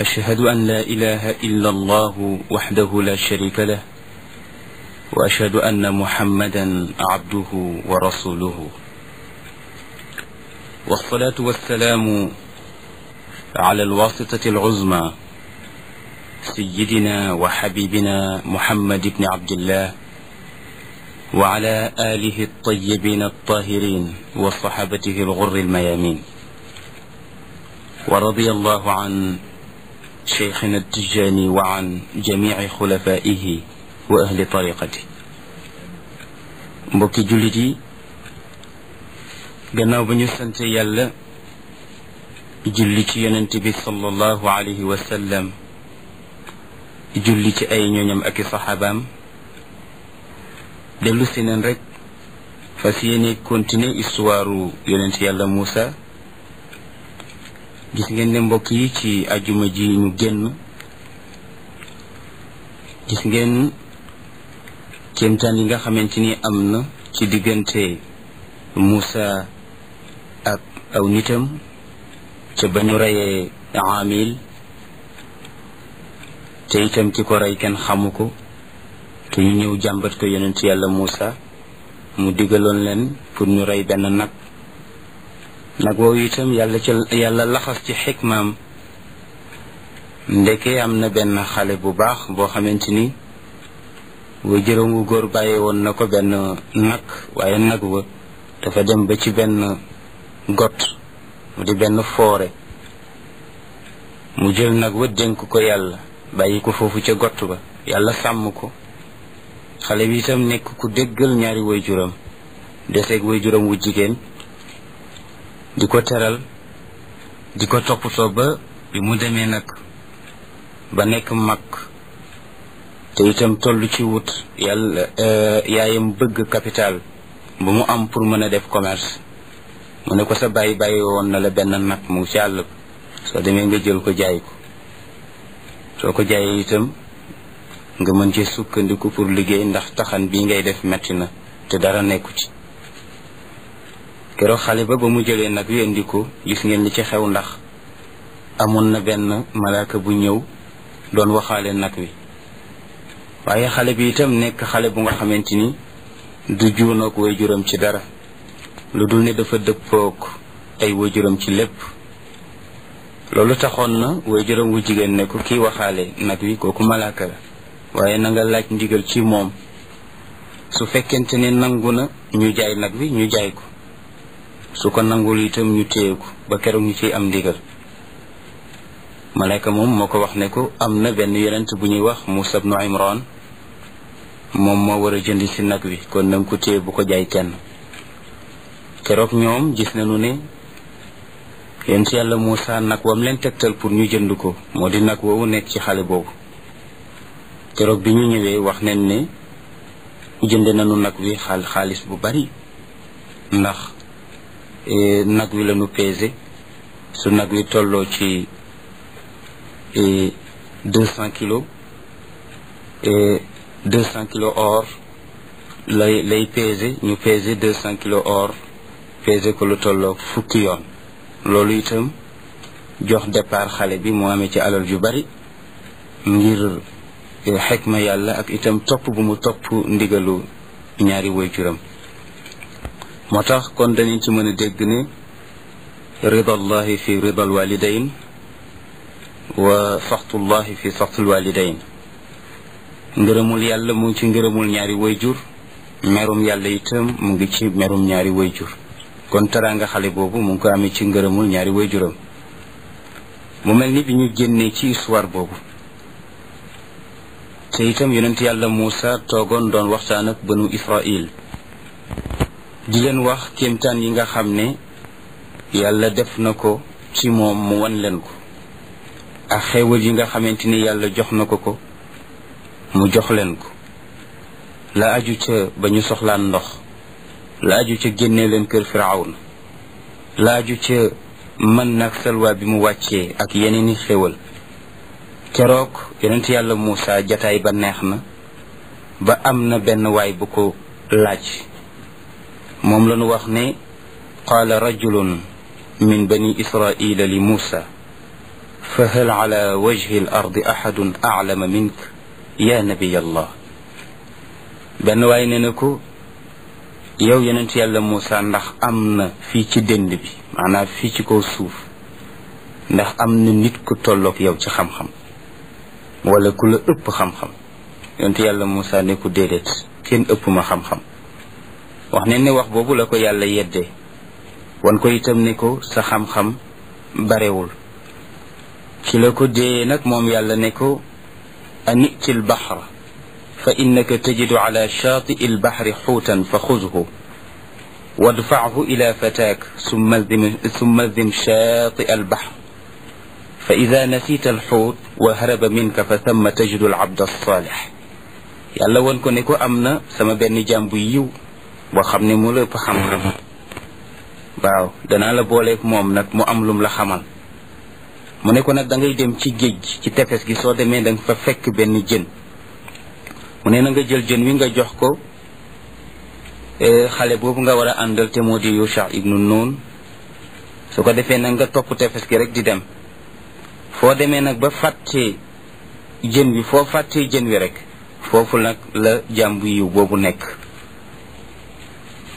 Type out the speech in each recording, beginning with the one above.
أشهد أن لا إله إلا الله وحده لا شريك له وأشهد أن محمدا عبده ورسوله والصلاة والسلام على الواسطة العظمى سيدنا وحبيبنا محمد بن عبد الله وعلى آله الطيبين الطاهرين وصحابته الغر الميامين ورضي الله عن cheikhina tijaani wa an jamici wa ahli tariqati mbokki jullit yi gannaaw ba ñu sant yàlla julli ci yonent bi sallallahu alayhi wa sallam julli ay ñooñam ak i saxaabaam dellu si neen rek fas yéene continuer histoire yonent yàlla Moussa gis ngeen ne mbokk yi ci ajuma ji ñu génn gis ngeen kéemtaan yi nga xamante ni am na ci diggante Moussa ak aw nitam ca ba ñu reyee Amil te itam ki ko rey kenn xamu ko te ñu ñëw jàmbat ko ci yàlla Moussa mu digaloon leen pour ñu rey benn nag nag woowu itam yàlla ca yàlla laxas ci xikmaam ndeke am na benn xale bu baax boo xamante ni wa wu góor bàyyi woon na ko benn nag waaye nag wa dafa dem ba ci benn got mu di benn foore mu jël nag wa dénk ko yàlla bàyyi ko foofu ca got ba yàlla sàmm ko xale bi itam nekk ku déggal ñaari waajuram deseeg waajuram wu jigéen di ko teral di ko toppatoo ba bi mu demee nag ba nekk mag te itam toll ci wut yàlla eh, yaayam bëgg capital bu mu am pour mën a def commerce mu ne ko sa bàyyi bàyyi woon na la benn nag mu ci àll soo demee nga jël ko jaay ko soo ko jaayee itam nga mën ci sukkandiku pour liggéey ndax taxan bii ngay def metti na te dara nekku ci keroog xale ba ba mu jëlee nag yu indi ko gis ngeen li ci xew ndax amoon na benn malaaka bu ñëw doon waxaale nag wi waaye xale bi itam nekk xale bu nga xamante ni du juunoog waajuram ci dara lu dul ne dafa dëppoog ay waajuram ci lépp loolu taxoon na waajuram wu jigéen ne ko kii waxaale nag wi kooku malaaka la waaye na laaj ndigal ci moom su fekkente ne nangu na ñu jaay nag wi ñu jaay ko su ko nangul itam ñu téye ko ba keroog ñu ci am ndigal malayka moom moo ko wax ne ko am na benn yonent bu ñuy wax Muusa ibnu Imran moom moo war a jënd ci nag wi kon na ko téye bu ko jaay kenn keroog ñoom gis nañu ne ci yàlla Muusa nag wam leen tegtal pour ñu jënd ko moo di nag woowu nekk ci xale boobu keroog bi ñu ñëwee wax nañ ne jënde nañu nag wi xaalis bu bari ndax E, nag wi lañu peese su nag wi tolloo ci e, deux cent kilos e, deux or lay lay peese ñu peese deux cent kilo or peese ko lu tolloo fukki yoon loolu itam jox départ xale bi mu amee ci alal yu bari ngir ma yàlla ak itam topp bu mu topp ndigalu ñaari waajuram moo tax kon dañu ci mën a dégg ne ridallahi fi ridal walidayn wa saxtullahi fi saxtul walidayn ngërëmul yàlla mu ngi ci ngërëmul ñaari wayjur merum yàlla itam mu ngi ci merum ñaari wayjur kon teraanga xale boobu mu ngi ko ame ci ngërëmul ñaari wayjuram mu mel ni bi ñu génnee ci histoire boobu te itam yonent yàlla Muusa toogoon doon waxtaan ak banu Israil di leen wax kéemtaan yi nga xam ne yàlla def na ko ci moom mu wan leen ko ak xéewal yi nga xamante ni yàlla jox na ko ko mu jox leen ko la aju ca ba ñu soxlaan ndox la aju ca génne leen kër firawna la aju ca mën nag salwaa bi mu wàccee ak yeneen yeneeni xéewal keroog yonent yàlla Muusa jataay ba neex na ba am na benn waay bu ko laaj moom la wax ne qaala rajulun min bani israila li muusa fa hal ala wajhi al ardi mink ya nabiy benn waay ne na ko yow yonent yàlla muusa ndax am na fii ci dënd bi maanaam fii ci kaw suuf ndax am na nit ku tolloog yow ci xam-xam wala ku la ëpp xam-xam yonent yàlla muusa ne ko déedéet kenn ëppuma ma xam-xam wax ne ne wax boobu la ko yàlla yedde wan ko itam ne ko sa xam-xam barewul ci la ko déeyee nag moom yàlla ne ko aniti l baxra fa innaka tajidu ala shaatii l baxri xuutan fa xuzhu wadfaahu ila fataak summa zim shaati al baxr fa ida nasita al xuut wa haraba minka fa samma tajidu al abd as saalix yàlla wan ko ne ko am na sama benn jaam bu yiw boo xam ne mu lépp waaw danaa la booleeg moom nag mu am lum la xamal mu ne ko nag da ngay dem ci géej gi ci tefes gi soo demee da nga fa fekk benn jën mu ne na nga jël jën wi nga jox ko eh, xale boobu nga war a àndal te moo di Yusha ibnu noonu su ko defee nag nga topp tefes gi rek di dem foo demee nag ba fàttee jën wi foo fàttee jën wi rek foofu nag la jàmbu yiw boobu nekk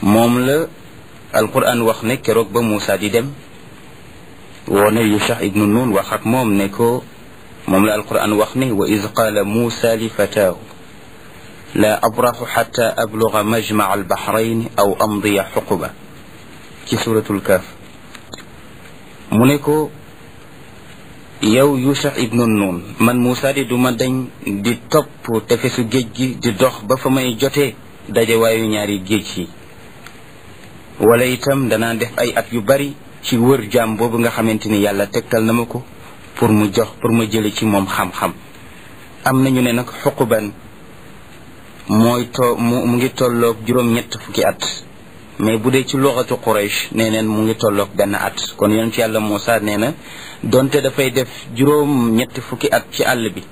moom la alquran wax ne keroog ba Moussa di dem wone Yusha ibnu Nun wax moom ne ko moom la alquran wax ne wa iz qaala Moussa li fataahu la abraxu xata abluga majmaa albaxrayn aw amdiya xuquba ci suratul kaaf mu ne ko yow Yusha ibnu Nun man Moussa di duma dañ di topp tefesu géej gi di dox ba fa may jotee dajewaayu ñaari géej yi wala itam danaa def ay at yu bari ci wër jaam boobu nga xamante ni yàlla tegtal na ma ko pour mu jox pour ma jële ci moom xam-xam am ñu ne nag xuquban mooy to mu ngi tolloog juróom-ñett fukki at mais bu dee ci loxatu Quraysh nee neen mu ngi tolloog benn at kon yonent yàlla Muusa nee na donte dafay def juróom ñetti fukki at ci àll bi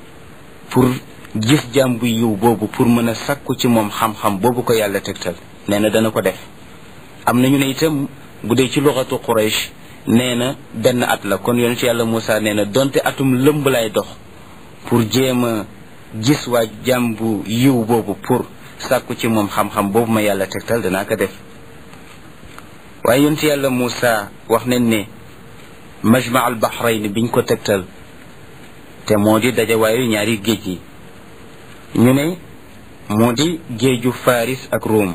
pour gis jaam buy yiw boobu pour mën a sakku ci moom xam-xam boobu ko yàlla tegtal nee na dana ko def am nañu ne itam bu dee ci luxatu Quraysh nee na benn at la kon yonent yàlla Moussa nee na donte atum lëmb lay dox pour jéem a gis waa jàmbu yiw boobu pour sàkku ci moom xam-xam boobu ma yàlla tegtal danaa ko def waaye ci yàlla Moussa wax nañ ne majma al bahrayn biñ ko tegtal te moo di dajawaayu ñaari géej yi ñu ne moo di géeju Faris ak Rome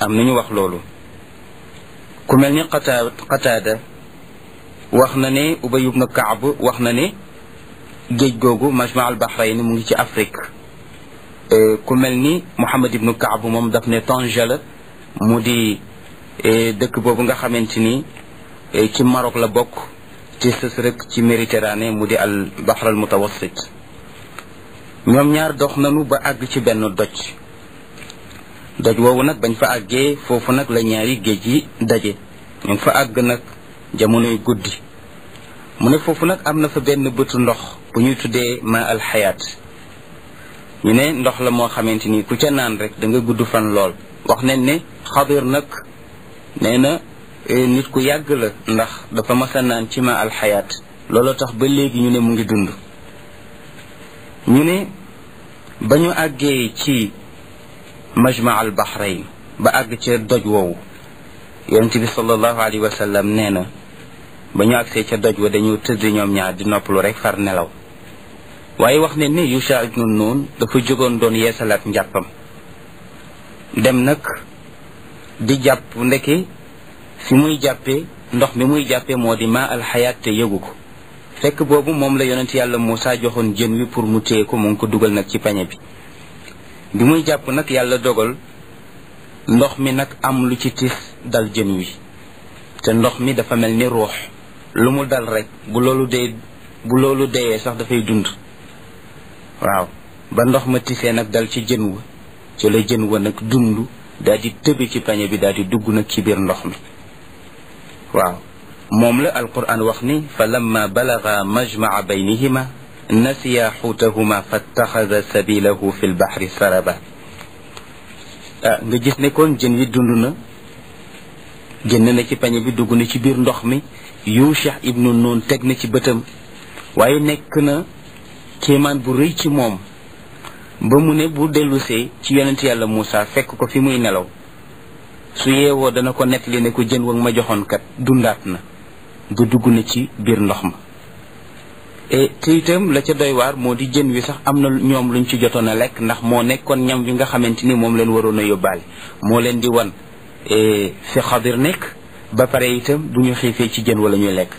am ñu wax loolu ku mel ni qataa qataada wax na ne ubay ibn kaab wax na ne géej googu majma bahrayn mu ngi ci afrique e, ku mel ni muhammad ibn kaab moom daf ne Tanja la mu di e, dëkk boobu nga xamante ni e, ci marok la bokk ci sës rek ci méditerranée mu di al bahr mutawassit ñoom ñaar dox nanu ba àgg ci benn doj daj woowu nag bañ fa àggee foofu nag la ñaari géej yi daje ñu fa àgg nag jamonoy guddi mu ne foofu nag am na fa benn bëtu ndox bu ñuy tuddee ma alxayaat ñu ne ndox la moo xamante ni ku ca naan rek dangay nga gudd fan lool wax nañ ne xadir nag nee na e, nit ku yàgg la ndax dafa mas a naan ci ma alxayaat loolu tax ba léegi ñu ne mu ngi dund ñu ne ba ñu àggee ci majma al baxrayn ba àgg ca doj woowu yonent bi sallallahu alayhi wa sallam nee na ba ñu agsee ca doj wa dañu tëdd ñoom ñaar di noppalu rek far nelaw waaye wax ne ni Yusha ibnu Nun dafa jógoon doon yeesalaat njàppam dem nag di jàpp ndeke fi muy jàppee ndox mi muy jàppee moo di maa alxayaat te yëgu ko fekk boobu moom la yonent yàlla Muusa joxoon jën wi pour mu téye ko mu ko dugal nag ci pañe bi bi muy jàpp nag yàlla dogal ndox mi nag am lu ci tis dal jën wi te ndox mi dafa mel ni ruux lu mu dal rekk bu loolu dee bu loolu deyee sax dafay dund waaw ba ndox ma tisee nag dal ci jën wa ci la jën wa nag dund daal di tëbe ci pañe bi daal di dugg nag ci biir ndox mi waaw moom la alquran wax ni fa lamma balaga majmaa baynihima nasiya xuutahuma fattaxada sabilahu fi lbaxri saraba nga gis ne kon jën wi dund na génn na ci pañe bi dugg na ci biir ndox mi yuushah ibnu noon teg na ci bëtam waaye nekk na kéemaan bu rëy ci moom ba mu ne bu dellusee ci yonent yàlla Moussa fekk ko fi muy nelaw su yeewoo dana ko nettali ne ko jën wa ma joxoonkat dundaat na nga dugg na ci biir ndox ma E, te itam la ca doy waar moo di jën wi sax am na ñoom lu ñu ci jotoon a lekk ndax moo nekkoon ñam wi nga xamante ni moom leen waroon a yóbbaale moo leen di wan e, fi xadir nekk ba pare itam du ñu xiifee ci jën wala ñuy lekk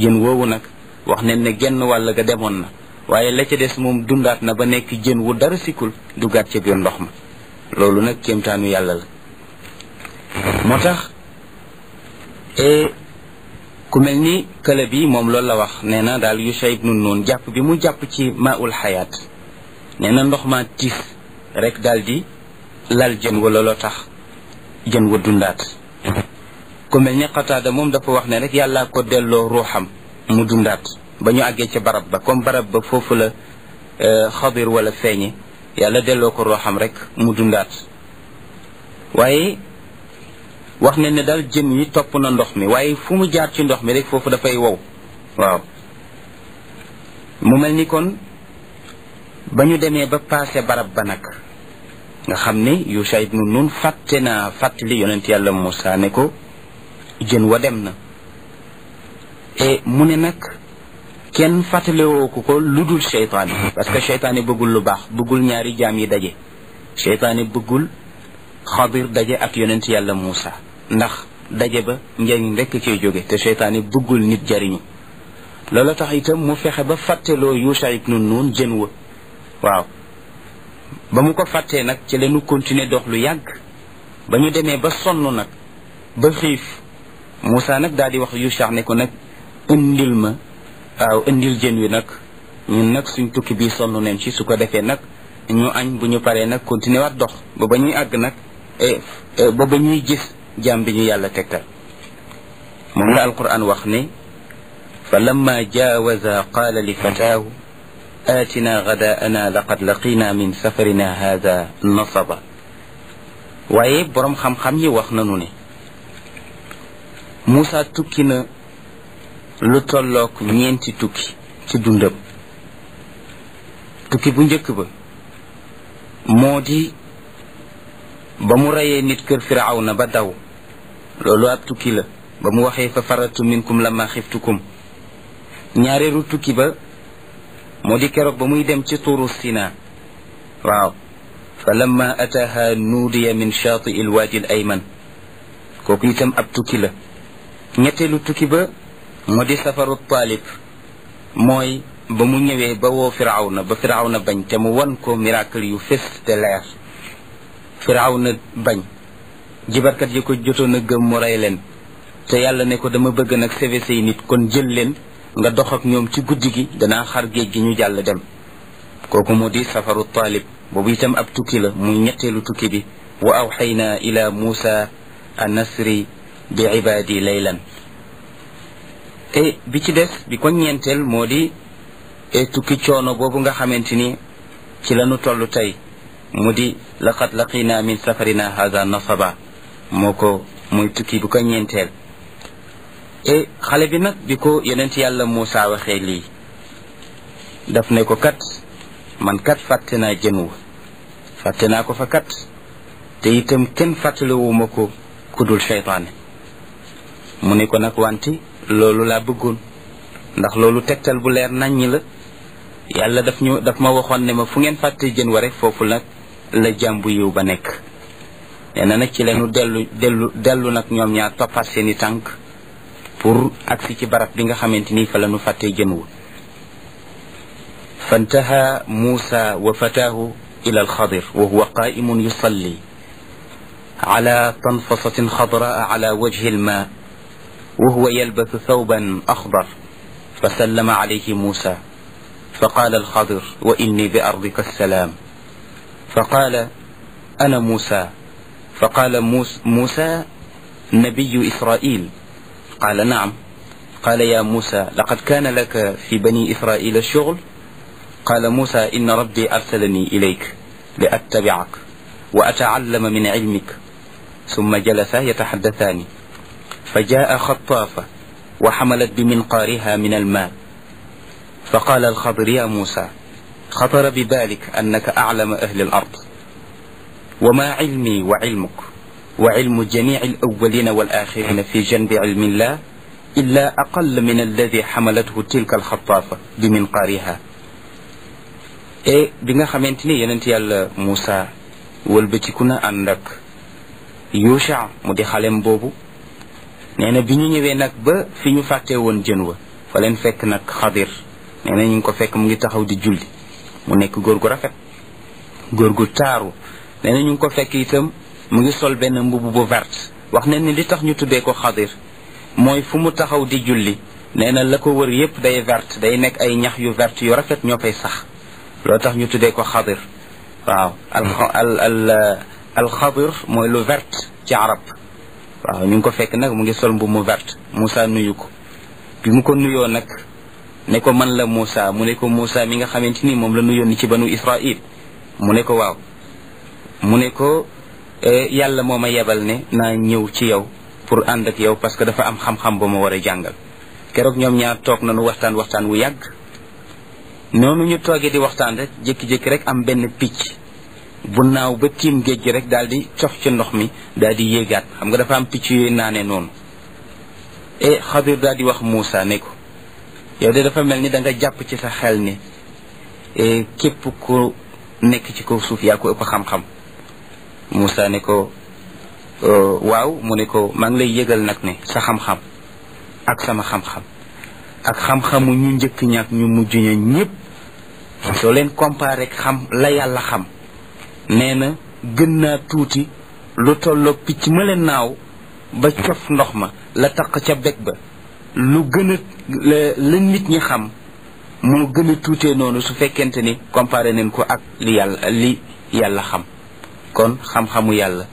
jën woowu nag wax nañ ne genn wàll ga demoon na waaye la ca des moom dundaat na ba nekk jën wu dara sikkul duggaat ca biir ndox ma loolu nag kéemtaanu yàlla la moo tax e, ku mel ni kële bi moom loolu la wax nee na daal Yusha ibnu Nun jàpp bi mu jàpp ci maaul xayaat nee na ndox ma tiif rek dal di lal jën wa loo tax jën wa dundaat ku mel ni Qataada moom dafa wax ne rek yàlla ko delloo ruuxam mu dundaat ba ñu àggee ca barab ba comme barab ba foofu la e, xadir wala feeñe yàlla delloo ko ruuxam rek mu dundaat waaye wax ne ne daal jën yi topp na ndox mi waaye fu mu jaar ci ndox mi rek foofu dafay wow waaw mu mel ni kon ba ñu demee ba paase barab ba nag nga xam ni Yusha ibnu Nun fàtte naa fàttali yonent yàlla Moussa ne ko jën wa dem na e mu ne nag kenn fàttalewoo ko ko lu dul seytaane parce que seytaane bëggul lu baax bëggul ñaari jaam yi daje seytaane bëggul xadir daje ak yonent yàlla Moussa ndax daje ba njariñ rekk cay jóge te seytaane bëggul nit jariñu loola tax itam mu fexe ba fàtteloo Yuusa ibnu Nuun jën wa waaw ba mu ko fàttee nag ci leenu continuer dox lu yàgg ba ñu demee ba sonn nag ba xiif Moussa nag daal di wax Yuusa ne ko nag indil ma waaw indil jën wi nag ñun nag suñ tukki bii sonn neen ci su ko defee nag ñu añ bu ñu paree nag continuer waat dox ba ba ñuy àgg nag eh, eh, ba ba ñuy gis jaam bi ñu yàlla tegtal moom la alquran wax ne fa lamma jaawaza qaala li fataahu aatina gadaana laqad laqina min safarina haada nasaba waaye boroom xam-xam yi wax nanu ne Moussa tukki na lu tollook ñeenti tukki ci dundam tukki bu njëkk ba moo di ba mu reyee nit kër Firawna ba daw loolu ab tukki la ba mu waxee fa faratu minkum lamma xiftukum ñaareelu tukki ba moo di keroog ba muy dem ci tuuru Sinaa waaw fa lamma ataaha nuudiya min shaati il waadi al kooku itam ab tukki la ñetteelu tukki ba moo di safaru taalib mooy ba mu ñëwee ba woo firawna ba firawna bañ te mu wan ko miracle yu fés te leer firawna bañ jibarkat yi ko jotoon a gëm mu rey leen te yàlla ne ko dama bëgg nag sauver say nit kon jël leen nga dox ak ñoom ci guddi gi danaa xar géej gi ñu jàll dem kooku mu di safaru taalib boobu itam ab tukki la muy ñetteelu tukki bi wa awxaynaa ila muusa a nasri bi ibaadi laylan e bi ci des bi ko ñeenteel moo di e tukki coono boobu nga xamante ni ci lanu toll tey mu di laqad laqinaa min safarina hada nasaba moo ko muy tukki bu ko ñeenteel e xale bi nag bi ko yonent yàlla Muusa waxee lii daf ne ko kat man kat fàtte naa jën wa fàtte naa ko fa kat te itam kenn fàttalewuma ko kudul seytaane mu ne ko nag wante loolu laa bëggoon ndax loolu tegtal bu leer naññi la yàlla daf ñu daf ma waxoon ne ma fu ngeen fàtte jën wa rek foofu nag la jàmbu yiw ba nekk nee na nag ci lañu dellu dellu dellu nag ñoom ñaar toppaat seen i tànk pour agsi ci barab bi nga xamante ni fa la ñu fàttee jëmawul fantaha muusa wa fataahu ila alxadir wa huwa qaimun yusalli ala tanfasatin xadraa ala wajhi alma wa huwa yalbasu thawban axdar fa sallama alayhi muusa fa qaala alxadir wa inni bi ardika alsalaam fa qaala ana muusa فقال موسى نبي إسرائيل قال نعم قال يا موسى لقد كان لك في بني إسرائيل شغل قال موسى إن ربي أرسلني إليك لأتبعك وأتعلم من علمك ثم جلسا يتحدثان فجاء خطافة وحملت بمنقارها من الماء فقال الخضر يا موسى خطر ببالك أنك أعلم أهل الأرض wa maa ilmi wa ilmuk wa ilmu jamii al awwalina wal axirina fi janbi ilmillah illa aqal min alladi xamalathu tilka alxataafa bi minqaariha e bi nga xamante ni yonent yàlla Moussa wëlbatiku na ànd ak Yuusa mu di xalem boobu nee na bi ñu ñëwee nag ba fi ñu fàtte woon jën wa fa leen fekk nag xadir nee na ñu ngi ko fekk mu ngi taxaw di julli mu nekk góor gu rafet góor gu taaru neena ñu ngi ko fekk itam mu ngi sol benn mbubb bu vert wax na ni li tax ñu tuddee ko xadir mooy fu mu taxaw di julli nee na la ko wër yépp day vert day nekk ay ñax yu vert yu rafet ñoo fay sax loo tax ñu tuddee ko xadir waaw al al mooy lu vert ci arab waaw ñu ngi ko fekk nag mu ngi sol mbubb mu verte Moussa nuyu ko bi mu ko nuyoo nag ne ko man la Moussa mu ne ko Moussa mi nga xamante ni moom la nuyoon ni ci banu Israil mu ne ko waaw mu ne ko e, yàlla moo ma yebal ne naa ñëw ci yow pour ànd ak yow parce que dafa am xam-xam ba ma war a jàngal keroog ñoom ñaar toog nañu waxtaan waxtaan wu yàgg noonu ñu toogee di waxtaan rek jékki-jékki rek am benn picc bu naaw ba tiim géej gi rek daal di cox ci ndox mi daal di yéegaat xam nga dafa am picc yooyu naane noonu e Xadir daal di wax Moussa ne ko yow de dafa mel ni da jàpp ci sa xel ni e, képp ku nekk ci kaw suuf yaa ko ëpp xam-xam Moussa ne ko euh, waaw mu ne ko maa ngi lay yëgal nag ne sa xam-xam ak sama xam-xam ak xam-xamu ñu njëkk ñaak ñu mujj ña ñëpp soo leen comparé xam la yàlla xam nee na gën naa tuuti lu tolloo picc ma leen naaw ba cof ndox ma la tax ca bég ba lu gën la nit ñi xam moo gën a tuutee noonu su fekkente ni comparé nañ ko ak li li yàlla xam kon xam-xamu yàlla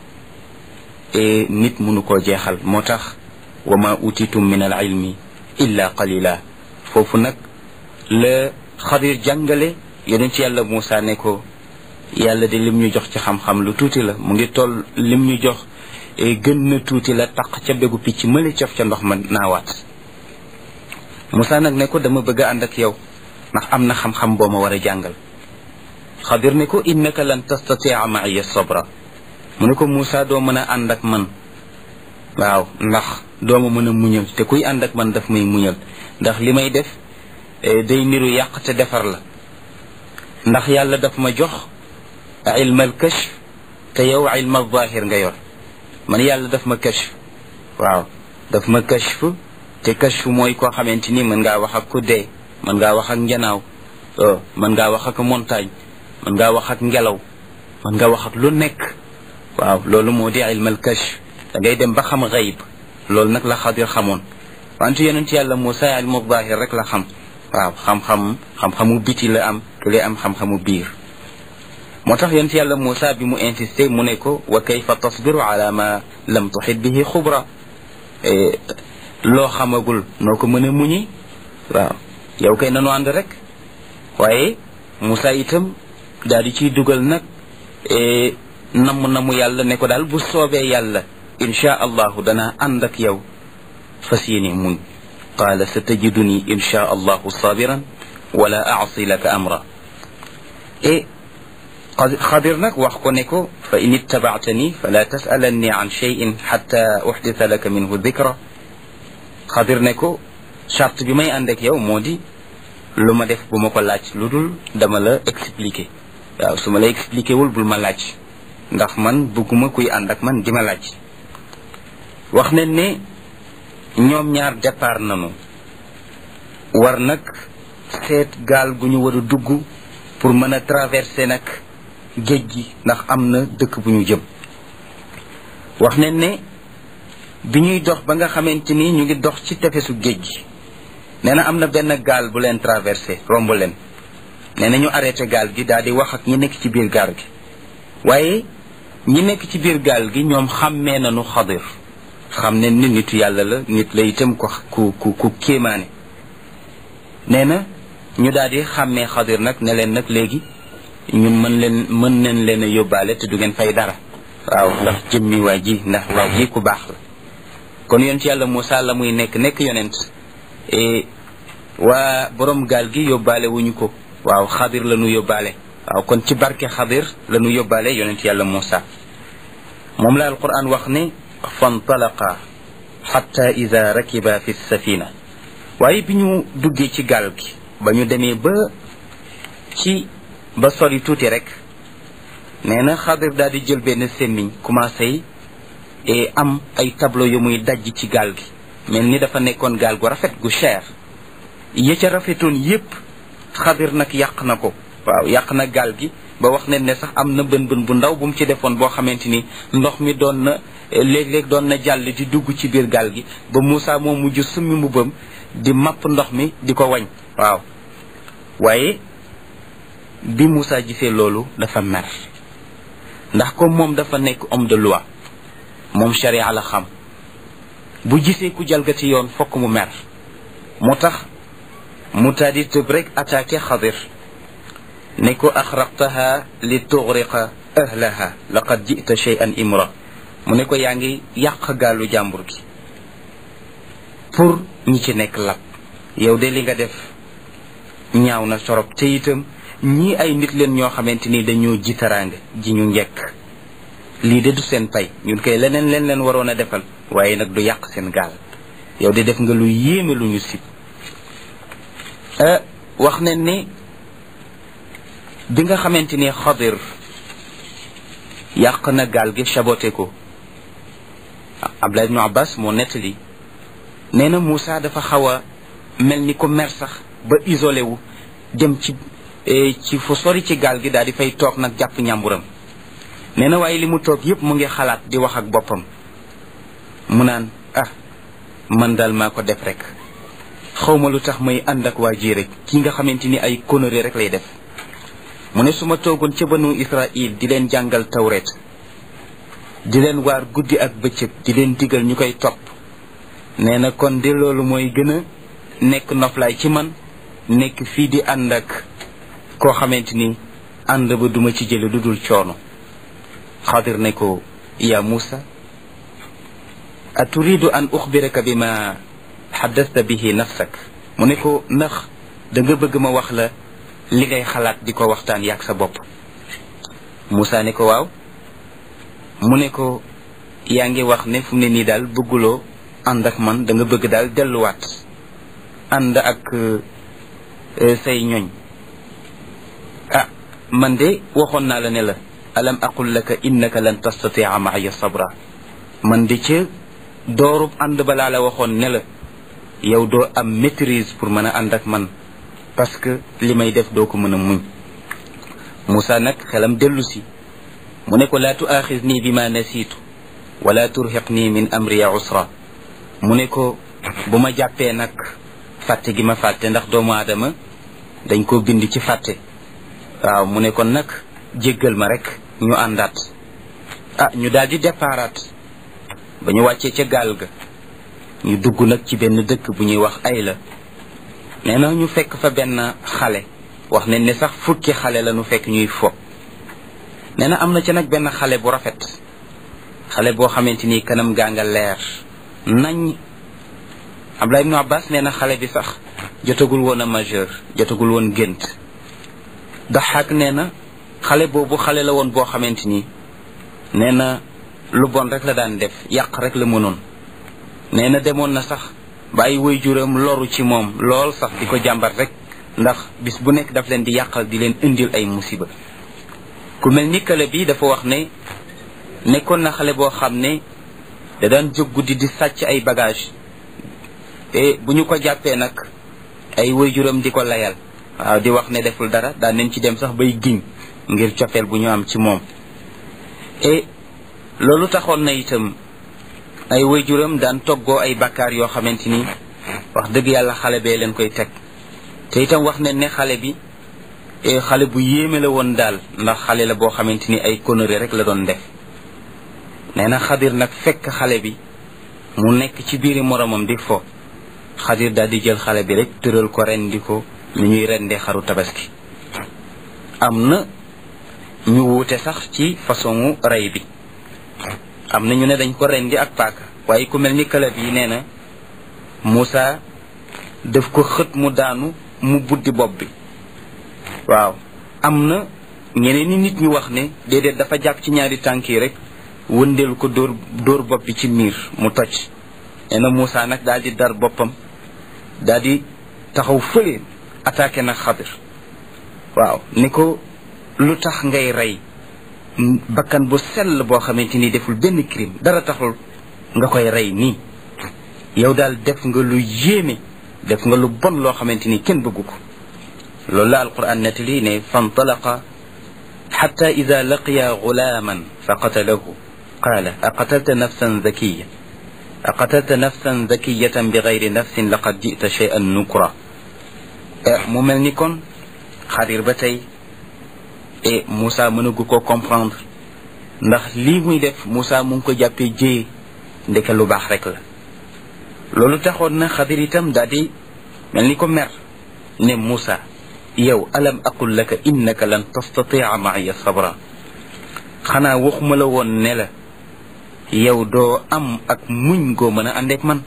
e nit mënu koo jeexal moo tax wa ma utitum min al ilmi illa qalila foofu nag la xadir jàngale yonent ci yàlla Moussa ne ko yàlla de lim ñu jox ci xam-xam lu tuuti la mu ngi toll lim ñu jox e gën na tuuti la taq ca begu picc mële cof ca ndox ma naawaat Moussa nag ne ko dama bëgg a ànd ak yow ndax am na xam-xam boo ma war a jàngal xadir ne ko innaka lan tastatia maaya sabra mu ne ko Moussa doo mën a ànd ak man waaw ndax doo ma mën a muñal te kuy ànd ak man daf may muñal ndax li may def eh, day niru yàq te defar la ndax yàlla daf ma jox ilmal kashf te yow ilmal zahir nga yor man yàlla daf ma kashf waaw daf ma kashf te kashf mooy koo xamante ni mën ngaa wax ak ku dee mën ngaa wax ak njanaaw oh, mën ngaa wax ak montagne mën ngaa wax ngelaw man nga wax ak lu nekk waaw loolu moo di ilmal kashf da dem ba xam xayib loolu nag la Xadir xamoon wante yonent yàlla Muusaa ilmu zaahir rek la xam waaw xam-xam xam la am te am xam biir moo tax yonent yàlla Muusaa bi mu insisté mu ne ko wa kayfa tasbiru ala ma lam tuhit bihi xubra e, loo xamagul noo ko mën a muñi waaw yow kay nanu ànd rek waaye Muusaa itam daal di ciy dugal nag e, namm namu yàlla ne ko daal bu soobee yàlla insha allahu danaa ànd ak yow fas yéene muñ qaala sa tajiduni insha allahu sabiran wala aasi laka amra e xadir nag wax ko ne ko fa in ittabaatani fala tasalanni an cheyin xata uxdita laka minhu dikra xadir ne ko charte bi may ànd ak yow moo di lu ma def bu ma ko laaj lu dul dama la expliquer waaw su ma la expliqué wul bul ma laaj ndax man bëgguma kuy ànd ak man di ma laaj wax nañ ne ñoom ñaar départ nañu war nag seet gaal gu ñu war a dugg pour mën a traverser nag géej gi ndax am na dëkk bu ñu jëm wax nañ ne bi ñuy dox ba nga xamante ni ñu ngi dox ci tefesu géej gi nee na am na benn gaal bu leen traversé romb leen nee na ñu arrêté gaal gi daal di wax ak ñi nekk ci biir gaal gi waaye ñi nekk ci biir gaal gi ñoom xam xàmmee nañu xadir xam ne nitu yàlla la nit la itam ko ku ku ku na ñu daal xam xàmmee xadir nag ne leen nag léegi ñun mën leen mën nañ leen a yóbbaale te du ngeen fay dara waaw ndax jëmmi waa ji ndax waa ji ku baax la kon yonent yàlla Moussa la muy nekk nekk yonent e, waa boroom gaal gi yóbbaale wuñu ko waaw xabir la ñu yóbbaale waaw kon ci barke xadir la ñu yóbbaale yonent yàlla Muusa moom la alquran wax ni fantalaqa xatta ida rakiba fi safina waaye bi ñu duggee ci gaal gi ba ñu demee ba ci ba sori tuuti rek nee na xabir daal di jël benn semmiñ commencé eh, am ay tableau yu muy dajj ci gaal gi mel ni dafa nekkoon gaal gu rafet gu cher ya ca rafetoon yépp xadir nag yàq na ko waaw yàq na gaal gi ba wax ne ne sax am na bën bën bu ndaw bu mu ci defoon boo xamante ni ndox mi doon na eh, léeg-léeg doon na jàll di dugg ci biir gaal gi ba Moussa moo mujj summi mbubbam di mapp ndox mi di ko wañ waaw waaye bi Moussa gisee loolu dafa mer ndax comme moom dafa nekk om de loi moom charia la xam bu gisee ku jalgati yoon fokk mu mer moo tax mu tadi tëb rek attaqué xadir ne ko axraqtaha li tuxriqa ahlaha laqad jita cheyan imra mu ne ko yaa ngi yàq gaalu jàmbur gi pour ñi ci nekk lab yow de li nga def ñaaw na sorop te itam ñii ay nit leen ñoo xamante ni dañoo ji ji ñu njekk lii de du seen pay ñun koy leneen leen leen waroon a defal waaye nag du yàq seen gaal yow de def nga lu yéeme lu ñu sib Euh, wax nañ ni bi nga xamante ni xadir yàq na gaal gi saboté ko Abdullah ibnu Abbas moo nettali nee na Moussa dafa xaw a mel ni ko mer sax ba isolé wu dem ci euh, ci fu sori ci gaal gi daal di fay toog nag jàpp ñàmburam nee na waaye li mu toog yépp mu ngi xalaat di wax ak boppam mu naan ah man daal maa ko def rek xawma lu tax may ànd ak waa ji kii ki nga xamante ni ay konore rek lay def mu ne su ma toogoon ca banu Israil di leen jàngal tawret di leen waar guddi ak bëccëg di leen digal ñu koy topp nee na kon de loolu mooy gën a nekk noflaay ci man nekk fii di ànd ak koo xamante ni ànd ba duma ci jële lu dul coono xadir ne ko yaa Muusa aturidu an uxbiraka bi ma haddasta bihi nafsak mu ne ko ndax da bëgg ma wax la li ngay xalaat di ko waxtaan yàgg sa bopp Moussa ne ko waaw mu ne ko yaa ngi wax ne fu mu ne nii daal bëgguloo ànd ak man danga bëgg daal delluwaat ànd ak eh, say ñoñ ah man de waxoon naa la ne la alam aqul laka innaka lan tastatia maaya man de ca doorub ànd balaa la waxoon ne la yow doo am maîtrise pour mën a ànd ak man parce que li may def doo ko mën a muñ Moussa nag xelam dellu mu ne ko laa tuaaxis nii bi ma ne nasiitu wala turxiq nii min amriya usra mu ne ko bu ma jàppee nag fàtte gi ma fàtte ndax doomu aadama dañ koo bind ci fàtte waaw mu ne kon nag jéggal ma rek ñu àndaat ah ñu daal di départaat ba ñu wàccee ca gaal ga ñu dugg nag ci benn dëkk bu ñuy wax ay la nee na ñu fekk fa benn xale wax nañ ne sax fukki xale la fekk ñuy fo nee na am na ci nag benn xale bu rafet xale boo xamante ni kanam gaa nga leer nañ Abdullah ibnu Abbas nee na xale bi sax jotagul woon a majeur jotagul woon gént daxaak nee na xale boobu xale la woon boo xamante ni nee na lu bon rek la daan def yàq rek la mënoon nee na demoon na sax ba bàyyi waajuram loru ci moom lool sax di ko jàmbar rek ndax bis bu nekk daf leen di yàqal di leen indil ay musiba ku mel ni kale bi dafa wax ne nekkoon na xale boo xam ne da daan jóg guddi di sàcc ay bagage te bu ñu ko jàppee nag ay waajuram di ko layal waaw di wax ne deful dara daan nañ ci dem sax bay giñ ngir cofeel bu ñu am ci moom loolu taxoon na itam ay waajuram daan toggoo ay bakkaar yoo xamante ni wax dëgg yàlla xale bee leen koy teg te itam wax ne ne xale bi eh, xale bu yéeme la woon daal ndax xale la boo xamante ni ay conneries rek la doon def nee na xadir nag fekk xale bi mu nekk ci biiri moromam di fo xadir daal di jël xale bi rek tëral ko rendi ko ni ñuy rendee xaru tabaski am na ñu wuute sax ci façon rey bi am na ñu ne dañ ko rendi ak paaka waaye ku mel ni kalab yi nee na Moussa daf ko xët mu daanu mu buddi bopp bi waaw am na ñeneen ni nit ñu wax ne déedéet dafa jàpp ci ñaari tànk yi rek wëndeel ko dóor dóor bopp bi ci miir mu toj nee na Moussa nag daal di dar boppam daal di taxaw fële attaqué na Xadir waaw ni ko lu tax ngay rey bakkan bu sell boo xamante ni deful benn crime dara taxul nga koy rey nii yow daal def nga lu yéeme def nga lu bon loo xamante ni kenn bëggu ko loolu la alquran nettali ne fantalaqa xatta ida laqiya gulaaman fa qatalahu qaala aqatalta nafsan zakiya aqatalta nafsan zakiyatan bi gayri nafsin laqad jita cheyan nukra eh, mu mel ni kon xarir ba tey et Moussa mënagu koo comprendre ndax lii muy def Moussa mu ngi ko jàppee jéye ndeke lu baax rek la loolu taxoon na xabir itam daal mel ni ko mer ne Moussa yow alam aqul laka innaka lan tastatia maaya sabra xanaa waxuma la woon ne la yow doo am ak muñ goo mën a àndeek man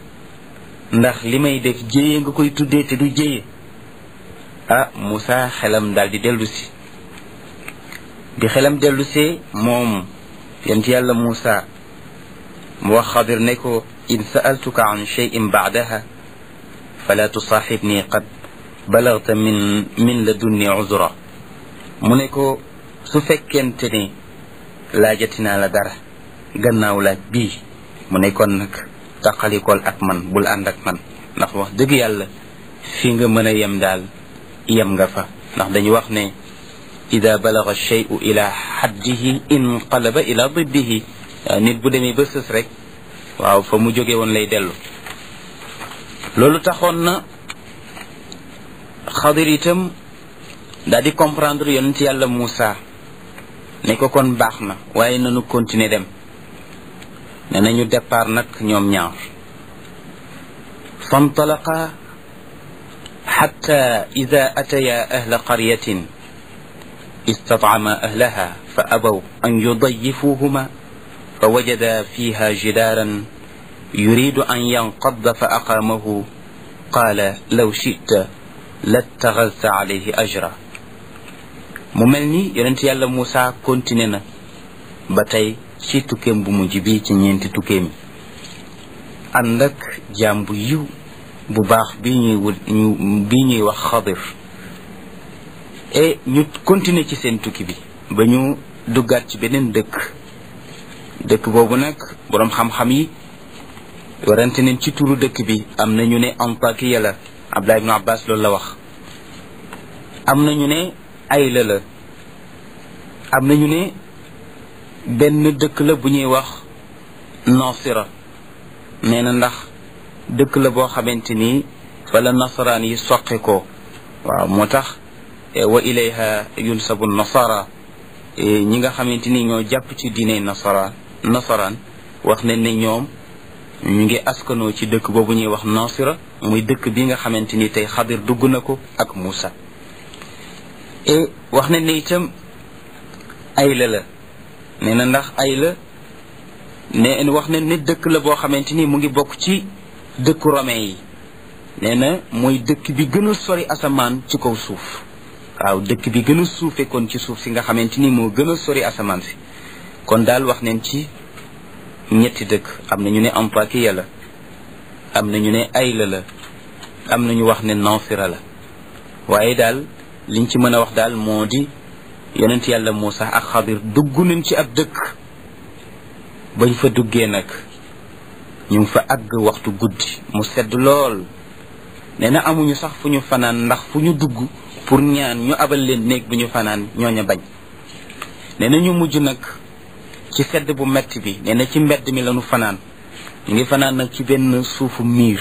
ndax li may def jéye nga koy tuddee te du jéye ah Moussa xelam daal di dellu bi xelam dellusee moom yonent yàlla Muusa mu wax xadir ne ko in sa'altuka an shay'in ba'daha fala tusaaxibni qad balagta min min ladunni uzra mu ne ko su fekkent ne laajati naa la dara gannaaw laaj bii mu ne kon nag taqalikool ak man bul ànd ak man ndax wax dëgg yàlla fi nga mën a yem daal yem nga fa ndax dañu wax ne ida balaga cheyu ila xaddihi inqalaba ila diddihi waaw nit bu demee ba sës rek waaw fa mu jóge woon lay dellu loolu taxoon na xadir itam daal di comprendre yonent yàlla Moussa ne ko kon baax na waaye nanu continuer dem ne nañu départ nag ñoom ñaar fantalaqa xatta ida ataya ahla qaryatin استطعما أهلها فأبوا أن يضيفوهما فوجدا فيها جدارا يريد أن ينقض فأقامه قال لو شئت لاتخذت عليه أجرا mu mel ni yonent yàlla Moussa continué na ba tey ci tukkeem bu mujj bi ci ñeenti tukkeem yi ànd ak jaam bu yiw bu baax bi ñuy wut bi ñuy wax xadir et ñu continuer ci seen tukki bi ba ñu duggaat ci beneen dëkk dëkk boobu nag boroom xam-xam yi warante nañ ci turu dëkk bi am na ñu ne Antakiya la Abdullah ibn Abbas loolu la wax am na ñu ne Ayla la am na ñu ne benn dëkk la bu ñuy wax Nasira nee na ndax dëkk la boo xamante nii fa la nasaraan yi soqe waaw moo tax Eh, wa ilayha yunsabu nasara eh, ñi nga xamante ni ñoo jàpp ci diine nasara nasaraan wax na ne ñoom ñu ngi askanoo ci dëkk boobu ñuy wax nasira muy dëkk bi nga xamante ni tey xadir dugg na ko ak Muusa eh, wax nañ ne itam ay la la na ndax ay la ne wax nañ ne dëkk la boo xamante ni mu ngi bokk ci dëkku romain yi nee na mooy dëkk bi gën sori asamaan ci kaw suuf waaw dëkk bi gën a suufe kon ci suuf si nga xamante ni moo gën a sori asamaan si kon daal wax nañ ci ñetti dëkk am na ñu ne Antakiya la am na ñu ne Ayla la am na ñu wax ne Nansira la waaye daal liñ ci mën a wax daal moo di yonent yàlla Muusa ak Xadir dugg nañ ci ab dëkk bañ fa duggee nag ñu ngi fa àgg waxtu guddi mu sedd lool nee na amuñu sax fu ñu fanaan ndax fu ñu dugg pour ñaan ñu abal leen néeg bu ñu fanaan ñooña bañ nee na ñu mujj nag ci sedd bu metti bi nee na ci mbedd mi lañu fanaan ñu ngi fanaan nag ci benn suufu miir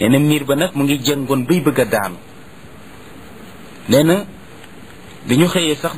nee na miir ba nag mu ngi jëngoon bay bëgg a daanu nee na bi ñu xëyee sax